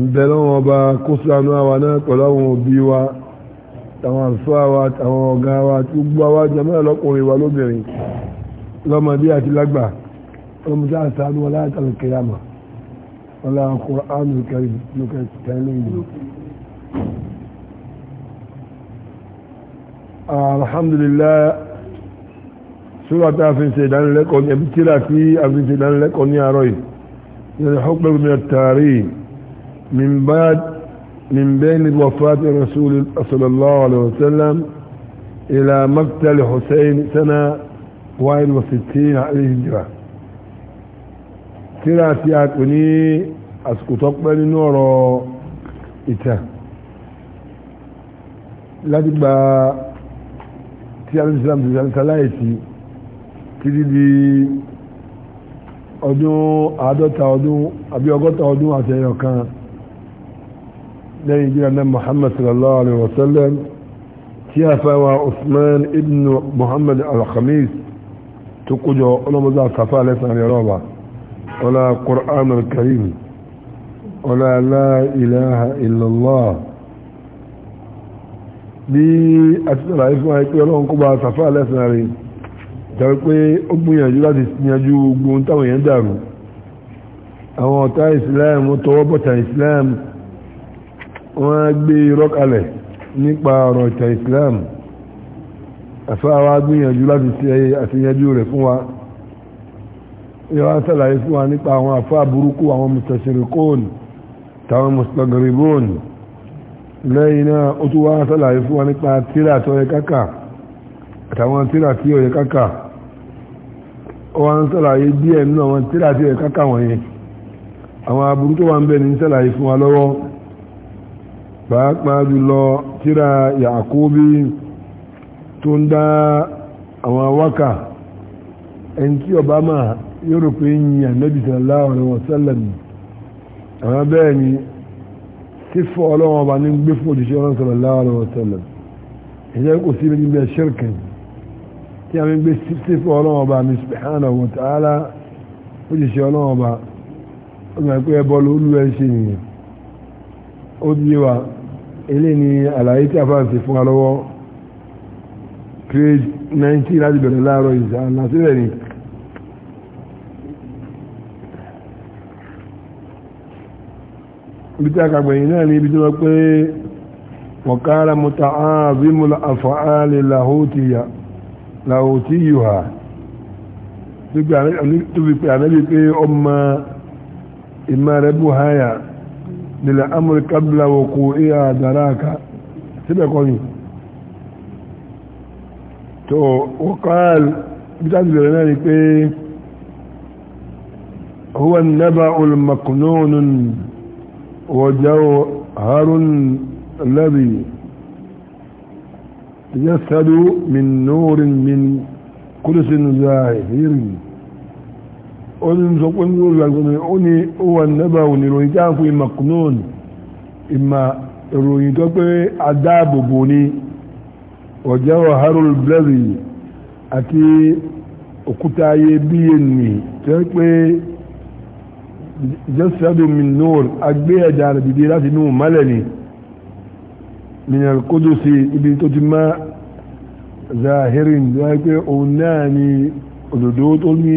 ìbẹ̀rẹ̀ wọn bá kó sánú àwa náà pẹ̀lú àwọn òbí wa àwọn àlùfáà wa àwọn ọ̀gá wa tí ó gbọ́ wa jẹ́ mẹ́rin lọ́kùnrin wa lóbìnrin lọ́mọdé àti lágbà ọlọ́mọdé àtàánú wọn láyàtàlù kìyàmà wọn láwọn Kùránì kẹrin lókè tẹ́lẹ̀ yìí alhamdulillah sura ta ìdánilẹ́kọ̀ọ́ ní ẹbí tí a fi ṣe ìdánilẹ́kọ̀ọ́ ní àárọ̀ yìí yẹn ni hókpẹ́rù mi tààrí yìí من بعد من بين وفاة الرسول صلى الله عليه وسلم إلى مقتل حسين سنة وستين عليه الهجرة ترى سياتني أسكت أقبل نور إتا با تيار الإسلام تزال ثلاثي تجدي ọdún àádọ́ta ọdún àbí أبي ọdún àti ẹyọ kan lẹ́yìn jíra náà muhammad sallallahu alaihi wasallam tí a fẹ́ wa usman ibn muhammad al-khamis tó kójọ ọlọ́mọdé àtàfà lẹ́sàn rẹ̀ rọ́bà ọlá qur'an al-karim ọlá la ilaha illallah bí a ti sọ̀rọ̀ ìfún àìpé ọlọ́run kó bá àtàfà lẹ́sàn rẹ̀ jẹ́ pé ó gbìyànjú láti yanjú gbogbo táwọn èèyàn dàrú àwọn ọ̀tá islam tọwọ́ bọ̀tà islam wọ́n gbé irọ́ kalẹ̀ nípa ọ̀rọ̀ ìtà islam àfáàwá gbìyànjú láti ṣe àṣeyẹjú rẹ̀ fún wa ìwà sàlàyé fún wa nípa àwọn àfáà burúkú àwọn mùsàṣirikóòn tàwọn mùsàgìrìbóòn lẹ́yìn náà ó tún wá sàlàyé fún wa nípa tíra tó yẹ káka àtàwọn tíra tí ó yẹ káka ó wá ń sàlàyé díẹ̀ nínú àwọn tíra tí ó káka wọ̀nyẹn àwọn aburú tó wà ń bẹ ní sàlàyé fún wa lọ́wọ́ pàápàá jùlọ tíra yàkóbí tó ń dá àwọn awákà ẹni tí obama yóò rò pé yìnyàn nabi sallallahu alaihi wasallam àwọn bẹ́ẹ̀ ni tí fọ́ ọlọ́wọ́n ọba ní gbé fún òjìṣẹ́ ọlọ́run sallallahu alaihi wasallam ìjẹ́ kò sí níbi ṣirkin tí a mi gbé sí fún ọlọ́wọ́n ọba mi subhanahu wa ta'ala òjìṣẹ́ ọlọ́wọ́n ọba ó gbà pé ẹbọ lólu ẹ ṣe nìyẹn ó di wa ilé ni àlàyé tí a fà ń fi fún wa lọ́wọ́ page 90 láti bẹ̀rẹ̀ láàárọ̀ ìṣàlá sílẹ̀ ni ibi tí a kàgbẹ̀yìn náà ni ibi tí wọ́n pé wọ̀kára mọ́ta ààbímọ̀lá àfààlè làhótíyùhà tó fi pé àmẹ́bí pé ọmọ ìmọ̀ rẹ̀ bù háyà للأمر قبل وقوعها دراكا سبقوني تو وقال بتعدل بلنانك إيه؟ هو النبأ المقنون وجوهر الذي يسهد من نور من كلس زاهر oníṣọ́pọ̀ ní olùgbàgbọ́nà ó ní ó wà nẹ́bà òní ìròyìn tí a ń fún ìmọ̀ kùnún ìmọ̀ ìròyìn tó pé adáàbòbò ní ọ̀jẹ́ harold blessing àti òkúta ayé bíyè nì tó pé jẹ́sẹ̀dù minor agbé ẹ̀dà àdìdí láti inú mọ́lẹ̀ ni minal kudusi ibi tó ti má zahirin tó pé òun náà ni òdòdó tó ní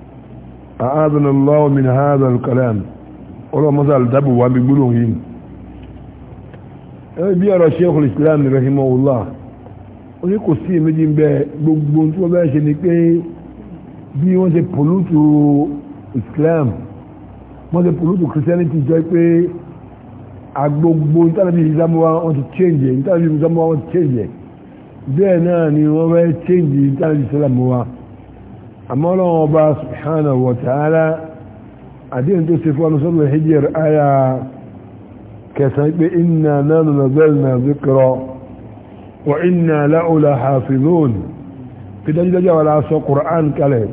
أعاذنا الله من هذا الكلام ولا مزال دبوا بيقولون بيرى شيخ الإسلام رحمه الله oní kò sí èméjì ń bẹ gbogbo tí wọ́n bẹ́ẹ̀ ṣe ni pé bí wọ́n ṣe pòlútù Islam wọ́n ṣe pòlútù Christianity jẹ́ pé agbogbo nítàbí ìsámúwá wọ́n ti change nítàbí ìsámúwá wọ́n ti change bẹ́ẹ̀ náà ni wọ́n bẹ́ẹ̀ change nítàbí ìsámúwá wọ́n àmọ́ ọlọ́run ọba subhanahu wa ta'ala àdéhùn tó ṣe fún ọdún sọ́dún hijir aya kẹsàn pé inna nánú nazzalna dhikra wa inna lahu lahafizun fi dájúdájú àwọn aláṣọ Qur'an kalẹ̀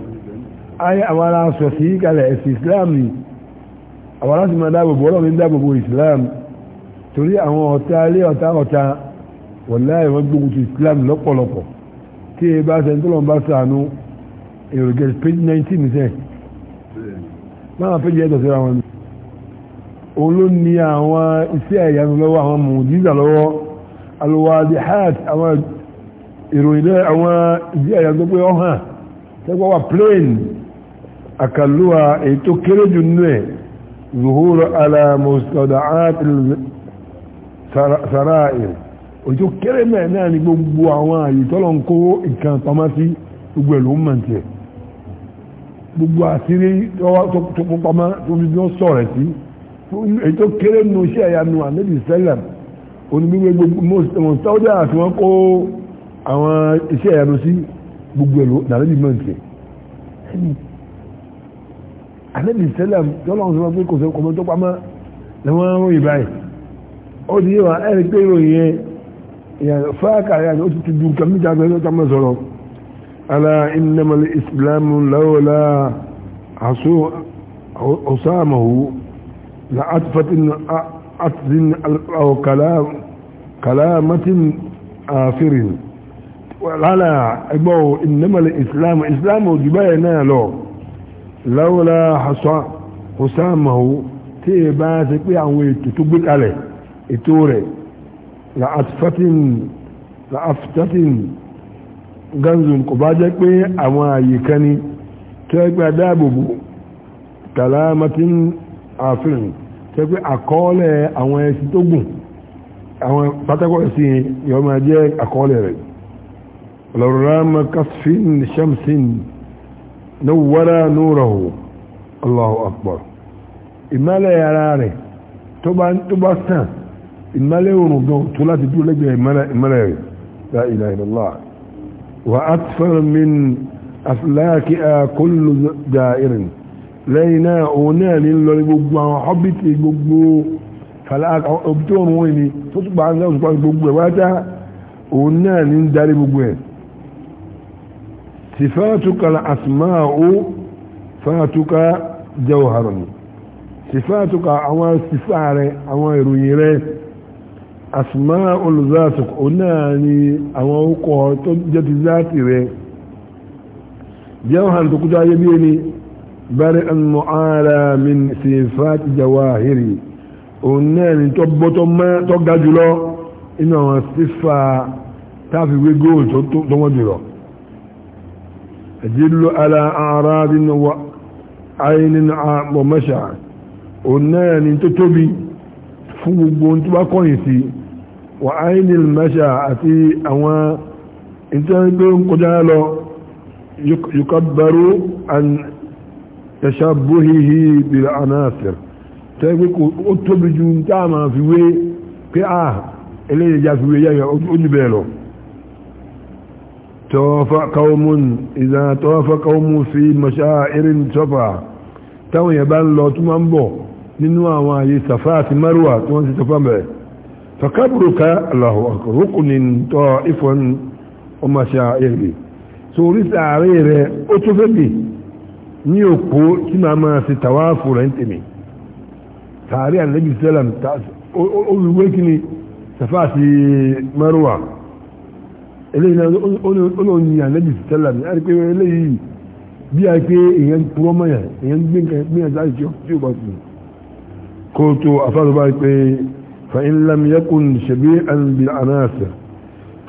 aya àwọn aláṣọ sí kalẹ̀ ẹ̀sìn Islam ni àwọn aláṣọ máa dáàbòbò ọlọ́run ní dáàbòbò Islam torí àwọn ọ̀tá ilé ọ̀tá ọ̀tá wọ̀láì wọn gbógun ti Islam lọ́pọ̀lọpọ̀ tí e bá ṣe ń tó bá ṣàánú èrò gẹ̀ẹ́sì page nineteen sẹ́ máa page ẹ̀dọ̀ síra wọn òun ló ní àwọn iṣẹ́ ẹ̀yánu lọ́wọ́ àwọn mùjíza lọ́wọ́ alùwàdì hajj àwọn ìròyìn lẹ́ àwọn ìdí ẹ̀yánu tó pé ọ̀hàn tẹ́gbọ́ wà plain àkàlùwà èyí tó kéré jù nínú ẹ̀ zuhuru ala mustada'at sara'ir òjò kéré mẹ́ẹ̀ náà ni gbogbo àwọn àyè tọ́lọ̀ ń kó nǹkan pamọ́ sí gbogbo ẹ̀lú mọ̀ntì ẹ̀ gbogbo àṣírí tó pamọ́ tó fi bí wọ́n sọ̀rọ̀ sí èyí tó kéré nu iṣẹ́ ìyanu ànábì sẹ́lẹ̀m onígbègbè gbogbo sọ́jà àti wọn kó àwọn iṣẹ́ ìyanu sí gbogbo èlò nàlẹ́bí mẹ́ǹtì ànábì sẹ́lẹ̀m tọ́lọ́run sọ pé kò sọ kọ́mọ tó pamọ́ ni wọ́n ń ròyìn báyìí ó di yé wa ẹ̀rí pé ìròyìn yẹn fáàkà yẹn ó ti ti dùn kàmíjà gbẹ́sọ̀ tá ألا إنما الإسلام لولا عصامه لأطفت أطف أو كلام كلامة آخر ولا إبو إنما الإسلام إسلام جباينا له لولا حسامه تي باسك عن تتبت عليه إتوري لأطفت لأفتت ganzun kò bá jẹ́ pé àwọn àyè kan ni tí wọ́n pẹ́ dáàbòbò a àfihàn tí wọ́n àkọọ́lẹ̀ àwọn ẹ̀sìn tó gùn àwọn yọ máa jẹ́ àkọọ́lẹ̀ rẹ̀ kasfin shamsin nawwara nurahu allahu akbar ìmọ́lẹ̀ ara rẹ̀ tó bá sàn ìmọ́lẹ̀ òrùn gan tó láti dúró lẹ́gbẹ̀ẹ́ rẹ̀ وأكثر من أفلاكها كل دائر لينا أونا للبقبة وحبت البقبة فلاك أبتون ويني تطبع عن ذلك البقبة واتا أونا لندار البقبة صفاتك الأسماء فاتك جوهرا صفاتك أوان صفارة أوان رجيرة asùmá olùzásùk onáà ni àwọn orúkọ tó jẹ́ ti záàtì rẹ̀ jẹ́wọ́n tó kújọ ayé bí ẹni bari an mọ́ara min sifat jawahiri onáà ni tó bọ́tọ́ tó ga jùlọ inú àwọn sífà tó jùlọ ala wa àpọ̀ tó tóbi fún gbogbo ohun tó bá kọ̀yìn sí wà áìlìl mẹ́ṣà àti àwọn ìtẹ́gbé ń kọjá lọ yukabbaru an yashabuhihi bil anasir tẹ́gbé ó tóbi ju táàmà fi wé pé à eléyìí já fi wé yáyà ó bẹ́ẹ̀ lọ tọ́fà kawmun ìzà tọ́fà kawmun fi mashairin tọ́fà táwọn yẹ̀ ń lọ tó máa ń bọ̀ nínú àwọn àyè sàfá àti mẹ́rùwà tí wọ́n ti sọ fún bẹ̀rẹ̀ takaburuka Allahu akbar rukuni tọ́ ifọ̀n ọmọ ṣe àyẹ̀rẹ̀ so orí sàárè rẹ̀ ó tó fẹ́ bì ní òpó tí màá máa ṣe tàwáàfù rẹ̀ ń tèmi sàárè ànábì sẹ́lẹ̀m ó kí ni sàfá àti mẹ́rùwà eléyìí náà ó lóun yin ànábì sẹ́lẹ̀m eléyìí bí قلت أفضل بارك فإن لم يكن شبيعا بالعناسة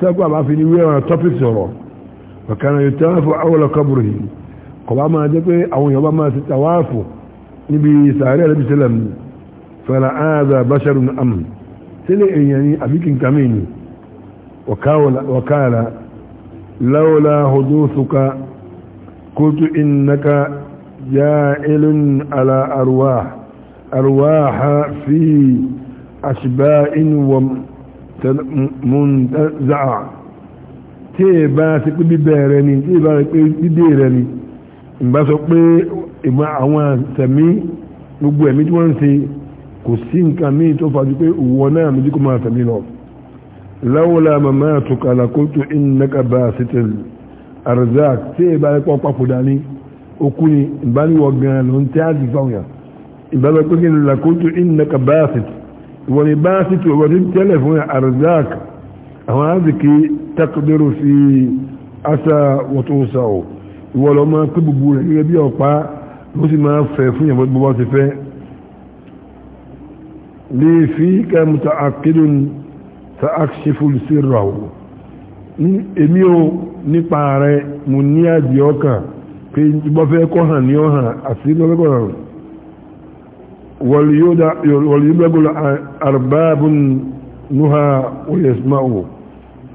تبقى في نوية ونطفسر فكان يتوافى أول قبره قباما ما جبه أو يبقى ما نبي ساري عليه السلام فلا هذا بشر أم سلئ يعني أبيك كمين وكاول وقال لولا حدوثك قلت إنك جائل على أرواح أرواح في أشباء ومنتزع تيبا سيكبي بيرني تيبا سيكبي ديرني ìgbà sọ pé ìmọ̀ àwọn tẹ̀mí gbogbo ẹ̀mí tí wọ́n ń ṣe kò sí nǹkan míì tó fàájú pé ìwọ náà méjì kó máa tẹ̀mí lọ láwọ́lá màmá àtùkàlà kó tó ìnàkà bá sítẹ̀l arzak tí ìbá ẹ̀pọ̀ papòdà ní okú ni ìbáníwọ̀ gan ló ń tẹ́ àdìfáwọ̀yàn ìbára pé kí ni lakuntu innaka basit ìwọ ni basit ìwọ ni tẹ́lẹ̀ fún arzak àwọn arziki takdiru fi asa wọ́túnsa o ìwọ lọ máa pé gbogbo rẹ̀ gẹ́gẹ́ bí ọ̀pá ló sì máa fẹ́ fún ìyàwó gbogbo ti fẹ́ lè fi ká mùtà àkídùn ta àkṣẹ́fù sí ra o èmi o nípa rẹ̀ mo ní àdìọ́kàn pé bọ́fẹ́ kọ́ hàn ní ọ̀hàn àti lọ́lọ́kọ̀ọ́ wọ̀lúyọ́gbẹ̀gbọ́lá arbabun nuha oyesma'o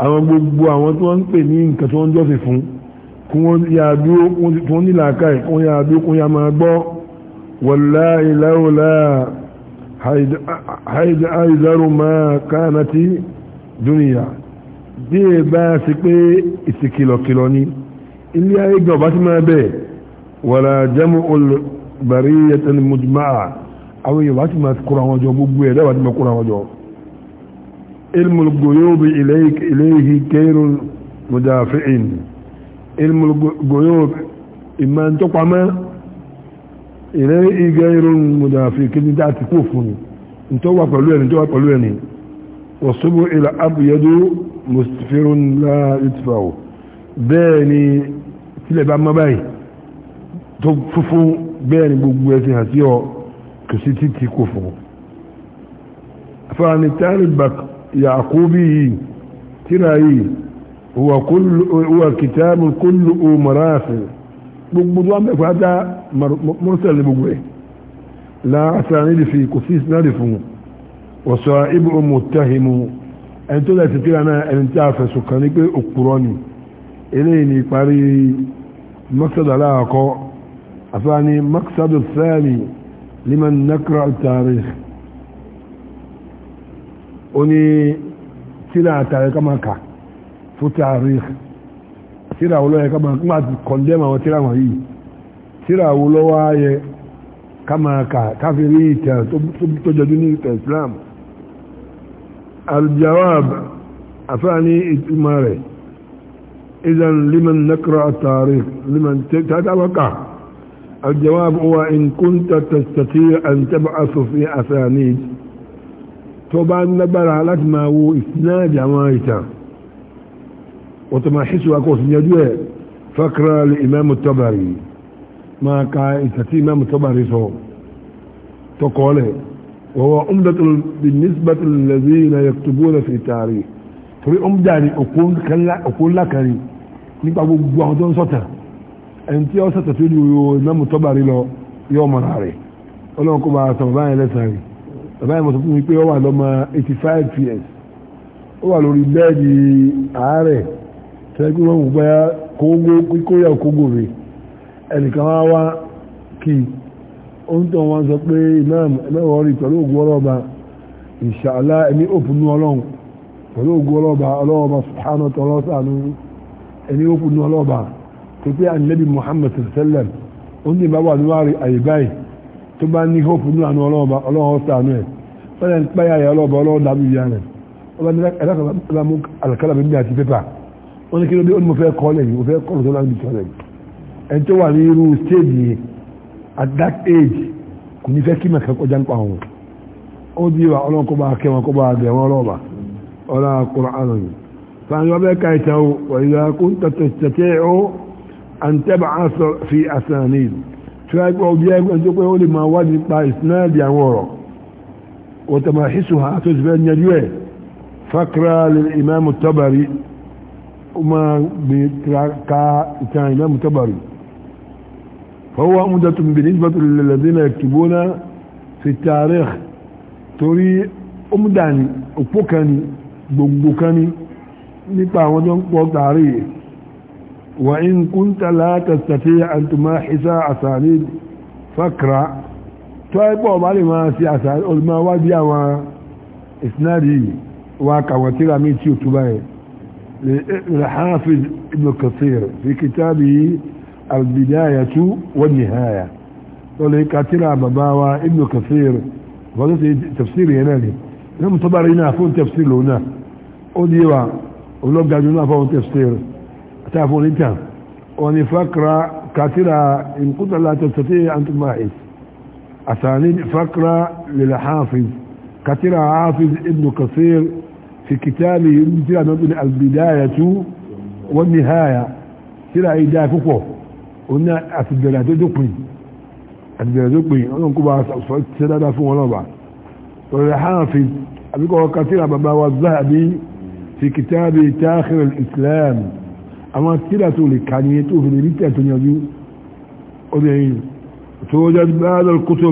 àwọn gbogbo àwọn tó ń pè ní nǹkan tó ń jọ́sìn fún kí wọ́n yà dúó kí wọ́n nílà káì kí wọ́n yà dúó kí wọ́n yà máa gbọ́ wallahi laula haida aizaru ma kánàtí máa bẹ̀ wàlá àwọn yorùbá ti máa kóra wọn jọ gbogbo ẹ̀ dábàá ti máa kóra wọn jọ ilmul goyobi ilayhi kairun mudafi'in ilmul goyobi ìmọ̀ ntọ́pamọ́ ilayhi kairun mudafi'in kí ni dáa ti kó fún ni ntọ́ wà pẹ̀lú ẹni ntọ́ wà pẹ̀lú ẹni wasubu ila abyadu mustifirun la yutfa'u bẹ́ẹ̀ ni tilẹ̀ bá mọ́ báyìí tó funfun bẹ́ẹ̀ ni gbogbo ẹ̀sìn àti ọ̀ kò sí títí kò fò fani taribak yaqubi yìí tíra yìí wà kìtàbù kúlù umarasi gbogbo wọn bẹ fata mọ́sálì gbogbo ẹ̀ láàṣà nídìí fi kò sí sinadì fún wa sa'ibu muttahimu ẹni tó lẹ́sìn tíra náà ẹni tí a fẹ̀sùn kàn ní pé òkúrọ́ ni eléyìí ni ìparí mọ́sálì aláàkọ́ àfáàní mọ́sálì لمن نقرأ التاريخ أني سلع تاريخ كما كا فو تاريخ سلع ولوية كما ما كما تقدمة وتلع وهي سلع ولوية كما كا كافرية تجدني الإسلام الجواب أفاني إتماري إذا لمن نقرأ التاريخ لمن تتوقع الجواب هو إن كنت تستطيع أن تبعث في أسانيد طبعا نبر على ما هو إسناد عمايتا وتمحس أكوس يدوه فقرة لإمام الطبري ما كان إستطيع إمام التبري صوم تقوله وهو أمدة بالنسبة للذين يكتبون في التاريخ تري أمدة أقول لك نبقى بقوة دون سطر ẹni tí ó sọ̀tọ̀ tó ju ìmọ̀mù tọ́bàrí lọ yóò mọ̀ra rẹ̀ ọlọ́run kó máa sọ̀rọ̀ báyìí lẹ́sàn-án rẹ̀ bàbá yẹn mo sọ fún mi pé ó wà lọ́mọ eighty five years ó wà lórí bẹ́ẹ̀dì àárẹ̀ tẹ́gbẹ́ wọn kò gbáyà kóńgó kíkóyà kóńgó rẹ̀ ẹnìkan wá wá kí ó ń tọ́ wọn sọ pé imam ẹlẹ́wọ̀n rí pẹ̀lú ògùn ọlọ́ọ̀ba inshallah ẹni òpinnu ọlọ́run pẹ̀lú ògùn ọlọ́ọ̀ba ọlọ́ọ̀ba subhanahu wa ta'ala ẹni tó pé ànábì muhammad sallam ó ní bá wà níwárí àyè báyìí tó bá ní hope nínú àánú ọlọ́ọ̀bá ọlọ́ọ̀ sànú ẹ̀ fẹ́lẹ̀ ń pẹ́yà yà ọlọ́ọ̀bá ọlọ́ọ̀ dàbí ìyá rẹ̀ ọba ní ẹ̀dá mú àlàkálà bí mi àti pépà wọ́n ní kí ló dé ó ní mo fẹ́ kọ́ lẹ̀ yìí mo fẹ́ kọ́ lọ́sọ́ láti bìtọ́ lẹ̀ ẹ̀ tó wà ní irú stage yìí at that age kò ní fẹ́ kí màkà kọjá ń wọn ó di wa ọlọ́ọ̀ bá kẹ́ wọn kó bá an tẹ́bà ásọ fi asanid tí wọ́n gbọ́ bí ẹgbẹ́ tó pé ó lè máa wádìí pa ìsináàdì àwọn ọ̀rọ̀ wọ́tàmà hìsù ha tó ti fẹ́ yẹjú ẹ̀ fakra lè imáàmù tọ́bàrí ó máa gbé ka ìtàn imáàmù tọ́bàrí fọwọ́ múdàtù bìnísbàtù lẹ́lẹ́dínà kìbónà fi tààríx torí ó múdà ní òpó kan ní gbogbo kan ní nípa àwọn tó ń pọ̀ tààríx وإن كنت لا تستطيع أن تماحس أساليب فاقرأ تايبو بالي ما سي أساليب ما وادي أو إسنادي واقع وتيرا ميتي وتباي للحافظ ابن كثير في كتابه البداية والنهاية ولي كاتلا باباوا ابن كثير وقلت تفسير هنالي لم تبار فون تفسير هنا أوديوا ولو قاعدوا فون تفسير تعرفون انت واني فقرة إن ان كنت لا تستطيع ان تباعث اسانيد فقرة للحافظ كاترة حافظ ابن كثير في كتابه مثل البداية والنهاية ترى ايدا فوقه قلنا اتدرى تدقني اتدرى تدقني قلنا كبا سدادا فوق ونبع والحافظ ابيكو كثيرة بابا والذهبي في كتابه تاخر الإسلام àwọn tíra tó lè kà ní tó fi lè rí tẹ̀ tó yanjú ọdún ẹ̀yìn tó wọ́jọ́ báadọ̀l kútó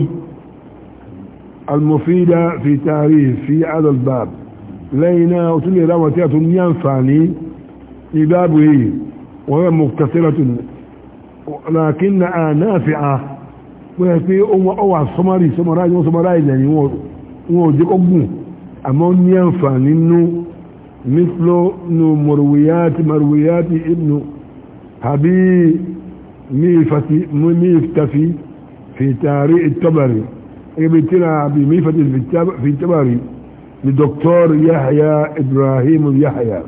almofida fi tààrí fi adọ̀l báb lẹ́yìn náà ó tún lè ráwọn tíra tó ní àǹfààní ní báàbù èyí wọ́n rẹ̀ mọ̀ kàtíra tó ní lakin náà fi a wọ́n yẹ pé ó wà sọmárì sọmárì wọ́n sọmárì ìlẹ̀ wọ́n ò jẹ́ ọgbùn àmọ́ ní àǹfààní nínú مثل مرويات مرويات ابن حبيب ميفتفي في تاريخ التبري ابتلع بميفتي في التبري لدكتور يحيى إبراهيم يحيى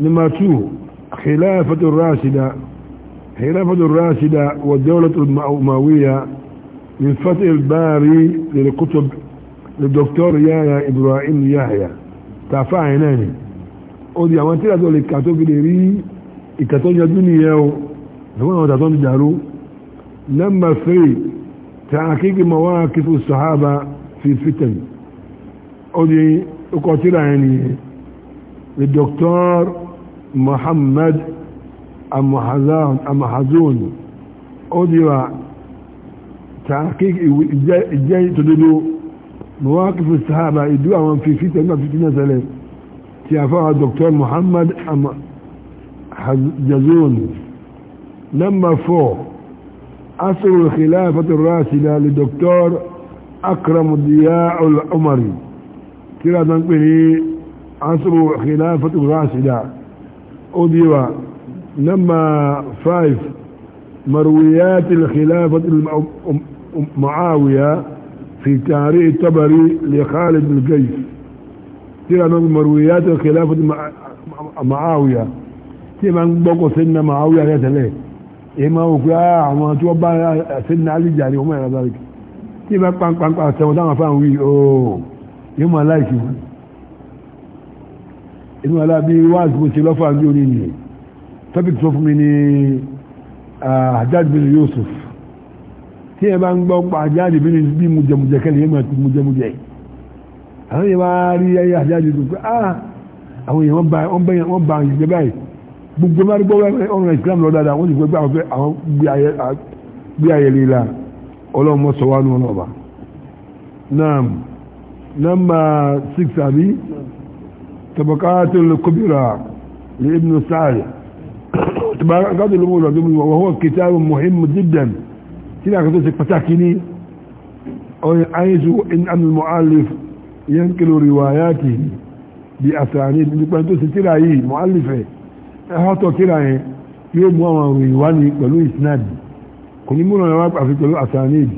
لما تشوف خلافة الراشدة خلافة الراشدة والدولة الأموية من فتح الباري للكتب للدكتور يحيى إبراهيم يحيى tàfà àyìn náà ni ó di àwọn tíra tó lè kà tó fi lè rí ìkà tó yanjú nìyẹn o lọ́wọ́n àwọn tàtọ́ ti dàrú nọ́mbà 3 tààkíkì mawaqif sahaba fi fitan ó di ọkọ̀ tíra yẹn nìyẹn le Dr. Muhammad amahazun ó di wa tààkíkì ìjẹ́ ìtòdodo مواقف الصحابة يدوا في فتنة ما فتنة سلام تيافاها الدكتور محمد جزون لما فوق أصل الخلافة الراسلة للدكتور أكرم الضياء العمري كلا تنقلي أصل الخلافة الراسلة أضيوا لما فايف مرويات الخلافة المعاوية في تاريخ الطبري لخالد بن قيس ترى مرويات خلافة معاوية tí ma ń gbọ́kọ̀ sínú màáwí àrẹ́tẹ̀lẹ̀ èyí ma wò pé àwọn tí wọ́n bá sínú alìjà ni wọ́n mọ̀ ìrọ̀lá rẹ̀ tí ma pàǹpàǹpà àtẹ̀wọ̀n táwọn fáwọn wí ooo yóò mọ̀ aláìsí wọn inú ọlá bí wáàsí mo ṣe lọ́fà ní orí nìyẹn tọ́pìkì tó fún mi ní Hajjaj bin Yusuf tí ẹ bá ń gbọ́ pa àjáde bí bí mujẹmujẹ kẹlẹ̀ yẹn máa ti mujẹmujẹ àwọn yẹn máa rí ayé àjáde tó pé ah àwọn yẹn wọ́n bá wọ́n bá yẹn wọ́n bá yẹn jẹ báyìí gbogbo bá rí gbọ́wọ́ ọ̀rọ̀ Islam lọ dáadáa wọ́n sì fẹ́ gbé àwọn fẹ́ àwọn gbé ayé lè la ọlọ́mọ sọ wá nù ọlọ́ba naam nọ́mbà six àbí tabaqatul kubra li ibn Sa'd tabaqatul kubra wọ́n kìtàbù muhim jiddan كده قد تكتاكيني عايز ان ان المؤلف ينقل رواياته باسانيد نيبا تو سيتيرا يي مؤلفه ها تو كده هي يوم هو رواياني pẹ̀lú isnad كوني مو انا واقف في pẹ̀lú اسانيد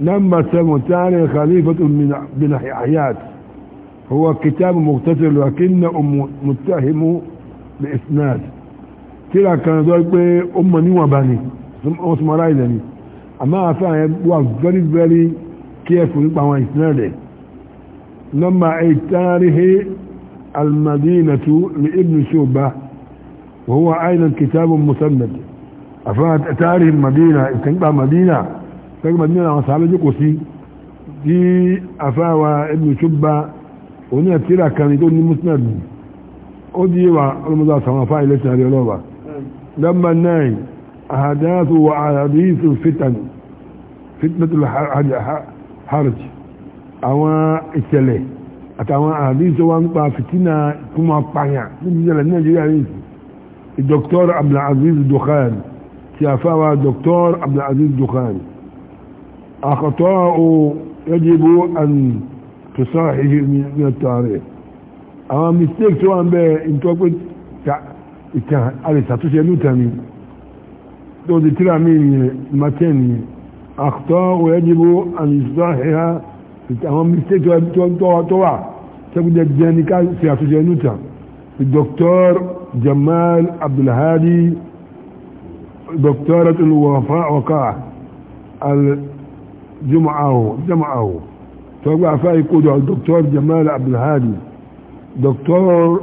لما سمع تاني خليفة من بن حيات هو كتاب مختصر لكن متهم بإسناد كلا كان ذلك أمني وبني ثم أسمى رايدني àmọ́ àfáà yẹn wà very very careful nípa àwọn ìsinmi rẹ̀ nọ́mbà 8 tarihi المدينة لابن شوبة وهو ايضا كتاب مسند تاريخ المدينة تنقى مدينة تنقى مدينة وصحابة جقسي دي افاوى ابن شوبة ونيا تيرا كان يدون المسند ودي وعلمضاء سمافاء ليس هذه لما الناين أحداث وأحاديث الفتن فتنة الحرج àwọn ìṣẹ̀lẹ̀ àtàwọn àdíṣẹ́ wa ń pa fìtínà tó máa pààyàn níbi ìṣẹ̀lẹ̀ ní nàìjíríà yìí dr abdulaziz dukhan ti àfáwà dr abdulaziz dukhan àkọ́tọ́ o yajibu an tusahihi min at-tarikh àwọn mistake tó wà ń bẹ ìtọ́pẹ́ ìtàn àrìsàtúnṣe lùtàn ni دود ترامين متين أخطاء ويجب أن يصلحها في تمام أمام مستيت وتوع توع تقول الجانيكا سياسة جانوتا الدكتور جمال عبد الهادي دكتورة الوفاء وقاع الجمعة جمعة تقول فايقود الدكتور جمال عبد الهادي دكتورة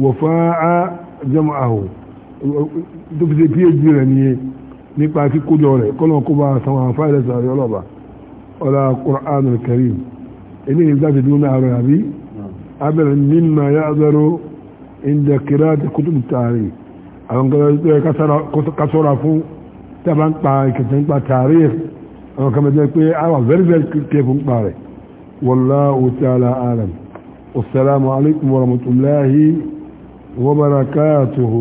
وفاء جمعه tó fi ṣe phd rẹ̀ nìyẹn nípa kíkójọ rẹ̀ kọ́nà kó bá sanwó àǹfààní rẹ̀ sàrẹ̀ ọlọ́ba ọlá Qur'anul Karim ilé ìgbà fi dúró náà rẹ̀ àbí hmm. abẹ́rẹ́ mímọ yá abẹ́rẹ́ ìdẹ kìlá ti kútù tààrí àwọn kẹfẹ́ kásọ́ra fún tábà ń pa ìkẹtẹ̀ ń pa tààrí àwọn kẹfẹ́ jẹ́ pé àwà very very careful ń pa rẹ̀ wallahu ta'ala alam wassalamu alaikum warahmatullahi wabarakatuhu